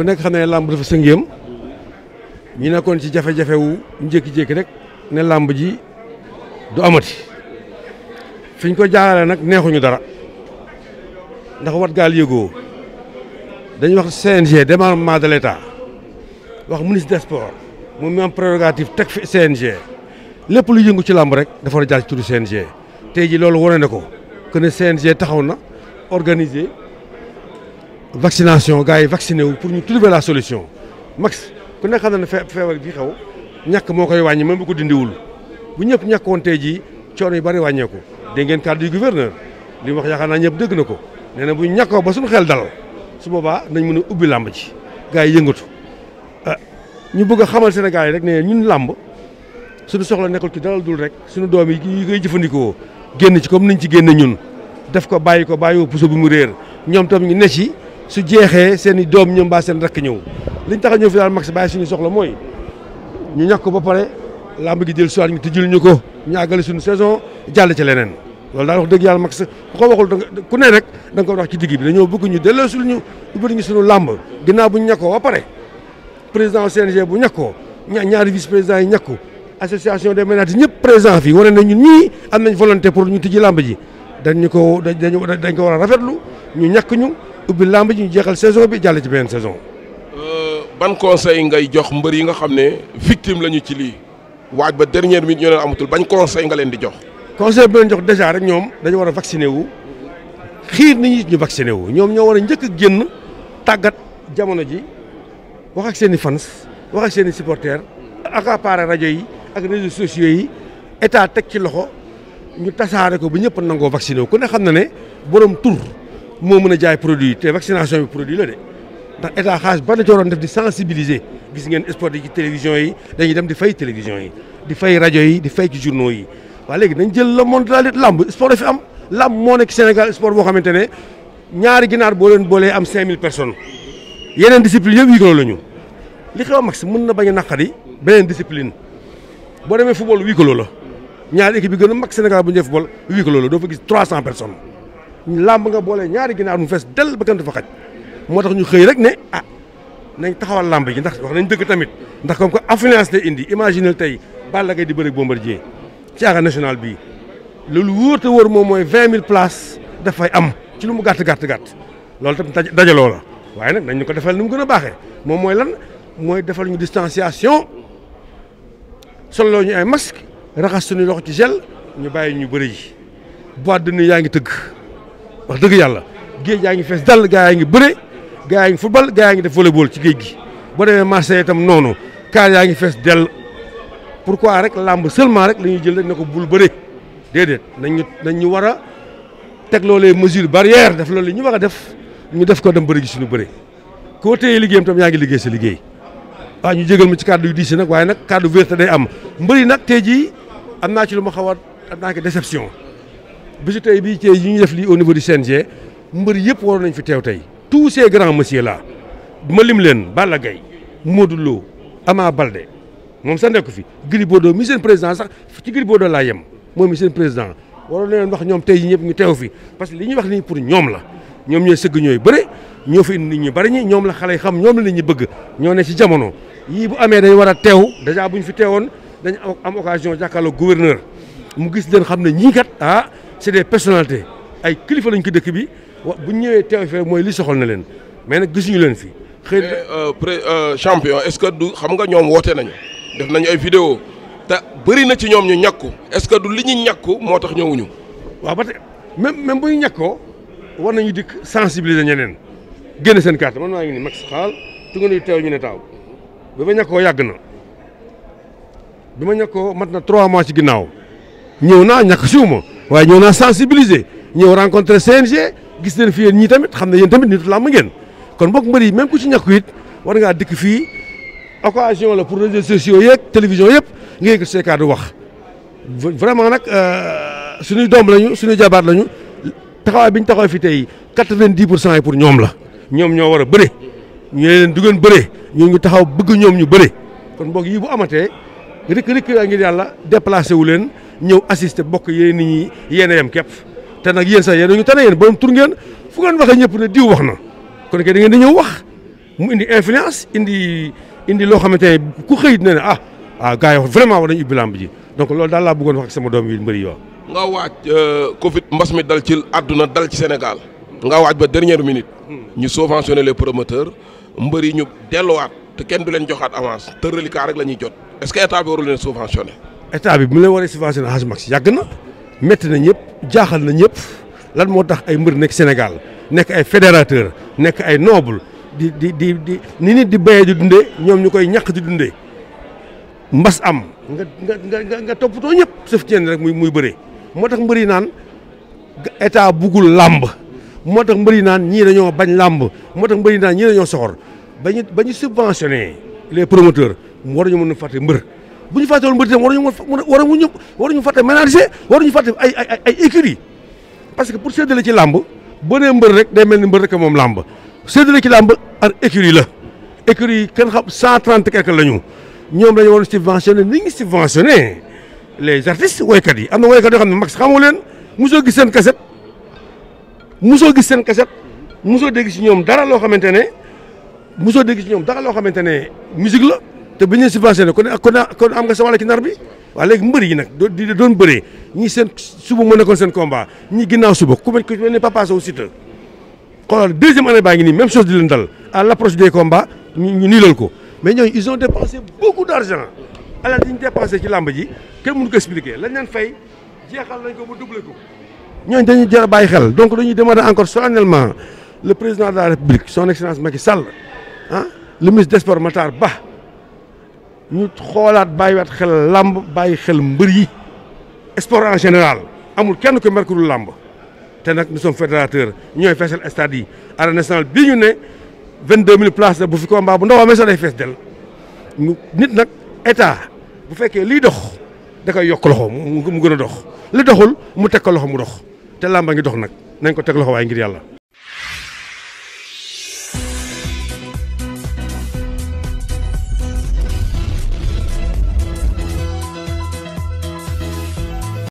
ku nekk xam ne làmb dafa sëngéem ñi nekkoon ci jafe jafewu wu njékki-jékki rek ne làmb ji du amati fiñ ko jaarale nag neexuñu dara ndax wat gaal yëgoo dañuy wax CNG démembrement de l'État wax ministre des sports moom mi am prérogative teg CNG lépp lu yëngu ci làmb rek dafa war a jaar ci turu CNG tey ji loolu wane ne ko que ne CNG taxaw na organiser. vaccination gars yi vacciné wu pour ñu trouver la solution max ku nekk xam ne feebar bi xew ñàkk moo koy wàññi même bu ko dindiwul bu ñëpp ñàkkoon tey jii coono yi bari wàññeeku dégg ngeen kàddu yu gouverneur li wax yaakaar naa ñëpp dégg na ko nee na bu ñàkkoo ba suñu xel dal su boobaa nañ mën a ubbi làmb ji gars yi yëngatu ah, ñu bugg a xamal Sénégal yi rek ne ñun làmb suñu soxla nekkul ci dalal dul rek suñu doom yi yi koy jëfandikoo génn ci comme niñ ci génne ñun def ko bàyyi ko bàyyi puso bi mu réer ñoom tam ñu ne ci su jeexee seen i doom ñoom baa seen rakk ñëw liñ tax a ñëw fi daal max bàyyi suñu soxla mooy ñu ñàkk ko ba pare làmb gi jël soir ñu tijjul ñu ko ñu àggale saison jàll ci leneen loolu daal dëgg yàlla max ku ko waxul ku ne rek da nga ko wax ci digg bi dañoo bëgg ñu delloosul ñu ubbali ñu suñu làmb ginnaaw bu ñu ñàkkoo ba pare président CNG bu ñàkkoo ñaari vice président yi ñàkku association des ménages ñëpp présent fi wane na ñun am nañ volonté pour ñu tijji làmb ji dañ ñu ko dañ ko war a rafetlu ñu ñàkk ñu ubbi làmb ji ñu jeexal saison bi jàll ci beneen saison. Euh, ban conseil ngay jox mbër yi nga xam ne victime lañu ci lii waaj ba dernière minute ñoo leen amatul bañ conseil nga leen di jox. conseil ba jox déjà rek ñoom dañu war a vacciné wu xiir nit ñi ñu vacciné wu ñoom ñoo war a njëkk a génn tàggat jamono ji wax ak seen i fans wax ak seen i supporters ak appareil rajo yi ak réseaux sociaux yi état teg ci loxo ñu tasaare ko bu ñëpp nangoo vacciné wu ku ne xam na ne borom tur. moo mën a jaay produit te vaccination bi produit la de ndax état xaalis ba la ci def di sensibiliser gis ngeen sport yi ci télévision yi dañuy dem di fay télévision yi di fay rajo yi di fay ci journaux yi waa léegi dañ jël le monde de lamb sport dafi am lamb moo nekk Sénégal sport boo xamante ne ñaari ginaar boo leen boolee am 5000 personnes yeneen discipline yëpp huis clos la ñu li xew max mën na bañ a naqari beneen discipline boo demee football huis la ñaari équipe bi gën a mag Sénégal bu ñu def football huis clos la doo personnes. làmb nga boolee ñaari ginaar mu fees dell ba kenn du fa xaj moo tax ñu xëy rek ne ah nañ taxawal làmb ji ndax wax nañ dëgg tamit ndax comme ko affluence lay indi imaginer tey Balla Gaye di bëre Bombardier ci arène national bii loolu wóor te wóor moom mooy vingt mille places dafay am ci lu mu gàtt gàtt gàtt loolu tamit dajaloo la waaye nag nañ ñu ko defal ni mu gën a baaxee moom mooy lan mooy defal ñu distanciation soloo ñu ay masque raxas suñu loxo ci gel ñu bàyyi ñu bëri ji boîte de yaa ngi tëgg. wax dëgg yàlla géej yaa ngi fees dal gaa yaa ngi bëre gaa yaa ngi football gaa yaa ngi def volleyball ci géej gi boo demee marché itam noonu kaar yaa ngi fees dell pourquoi rek làmb seulement rek la ñuy jël rek ne ko bul bëre déedéet nañ ñu nañ ñu war a teg loolee mesure barrière def loolu ñu war a def ñu def ko dem bëri gi suñu bëri koo téye liggéeyam tam yaa ngi liggéey sa liggéey waaw ñu jégal ma ci kàddu yu diis nag waaye nag kàddu vérité day am mbëri nag tey jii am naa ci lu ma xaw a am naa ci déception bisu tey bii ci yi ñu def lii au niveau du CNG mbër yëpp waroon nañ fi teew tey tous ces grands messieurs là ma lim leen Balla Gaye Modou Lo Ama Baldé moom sax nekk fi Gris Bordeaux mi seen président sax ci Gris Bordeaux laa yem moom mi seen président waroon na leen wax ñoom tey ñëpp ñu teew fi parce que li ñuy wax nii pour ñoom la ñoom ñooy sëgg ñooy bëre ñoo fi indi nit ñu bari ñu ñoom la xale yi xam ñoom la nit ñi bëgg ñoo ne si jamono yii bu amee dañ war a teew déjà bu ñu fi teewoon dañ am occasion jàkkaarloo gouverneur mu gis leen xam ne ñii kat ah c'est des personnalités ay kilifa lañ ko dëkk bi wa bu ñëwee teew fee mooy li soxal na leen mais na gisuñu leen fi. xëy na euh, euh, champion est-ce que du xam nga ñoom woote nañu def nañu ay vidéo te bëri na ci ñoom ñu ñàkku est-ce que du li ñu ñàkku moo tax ñëwuñu. waaw ba tey même même bu ñu ñàkkoo war nañu dikk sensibiliser ñeneen génne seen carte man maa ngi ni max xaal tu nga teew ñu ne taaw bi ma ñàkkoo yàgg na bi ma ñàkkoo mat na trois mois ci ginnaaw ñëw naa ñàkk siw ma waaye ñoo naa sensibiliser ñëw rencontré CNG gis leen fi yéen ñii tamit xam ne yéen tamit nitu làmb ngeen kon bokk mbër yi même ku ci ñàkku it war ngaa dikk fii occasion la pour réseaux sociaux yeeg télévision yëpp nga yëkkat see kàddu wax vraiment nag euh, suñuy doom lañu suñuy jabaat lañu taxawaay bi ñu taxaw fi tey quatre vingt pour cent yi pour ñoom la ñoom ñoo war a bëre ñu du ngeen bëre ñun ñu taxaw bëgg ñoom ñu bëre kon boog yii bu amatee rëkk rëkk yaa ngir yàlla déplacé wu leen ñëw assister bokk yee nit ñi yéen a yem képp te nag yéen sax yéen ñu tane yéen borom tur ngeen fu ngeen waxee ñëpp ne diw wax na kon kay da ngeen di ñëw wax mu indi influence indi indi loo xamante ne ku xëyit ne ne ah ah gars yi wax vraiment war nañu ubbi lamb ji donc loolu daal laa bëggoon wax ak sama doom yi mbëri yoo nga waaj euh, Covid mbas mi dal ci àdduna dal ci Sénégal nga waaj ba dernière minute ñu subventionné les promoteurs mbër yi ñu delluwaat te kenn du leen joxaat avance te reliquat rek la ñuy jot est que état bi warul état bi bu ñu waree war a subventionné Hadj Max yàgg na métti na ñëpp jaaxal na ñëpp lan moo tax ay mbër nekk Sénégal nekk ay fédérateur nekk ay noble di di di di ni di béyee di dundee ñoom ñu koy ñàkk di dundee mbas am nga nga nga nga toppatoo ñëpp sëf ceen rek muy muy bëree moo tax mbër yi naan état buggul làmb moo tax mbër yi naan ñii dañoo bañ làmb moo tax mbër yi naan ñii dañoo soxor ba ñu ba ñu subventionné les promoteurs war ñu mën a fàtte mbër. bu ñu fàtte woon bëri tam waruñu mën waruñu waruñu fàtte ménager waruñu fàtte ay ay ay écurie parce que pour séddale ci làmb boo nee mbër rek day mel ni mbër rek moom làmb séddale ci làmb ak écurie la écurie yi kenn xam cent trente quelque la ñu ñoom la ñu waroon subventionné ni ngi subventionné les artistes woykat yi am na woykat yoo xam ne max xamoo leen mosoo gis seen kaset mosoo gis seen kaset musoo dégg si ñoom dara loo xamante ne mosoo dégg si ñoom dara loo xamante ne musique la te bu ñu leen subventionné kon kon am nga sa wàll ci nar bi waaw léegi mbër yi nag di doon bëree ñi seen suba moo nekkoon seen combat ñi ginnaaw suba ku mel ne Papa Sow Siteu xoolal deuxième année baa ngi ni même chose di leen dal à l' approche des combats ñu niilal ko mais ñooñu ils ont dépensé beaucoup d' argent alal yi dépensé ci làmb ji kenn mënu ko expliquer lañ leen fay jeexal nañ ko ba doublé ko ñooñu dañuy jar a bàyyi xel donc dañuy demander encore solennellement le président de la république son excellence Macky Sall ah le Ba. ñu xoolaat bàyyiwaat xel làmb bàyyi xel mbër yi sport en général amul kenn ko merkuru làmb te nag nous sommes fédérateurs ñooy feesal stade yi arène nationale bii ñu ne vingt deux mille places bu fi combat bu ndaw amee sax day fees del nit nag état bu fekkee liy dox da koy yokk loxo mu gën a dox li doxul mu teg ko loxo mu dox te làmba ngi dox nag nañ ko teg loxo waaye ngir yàlla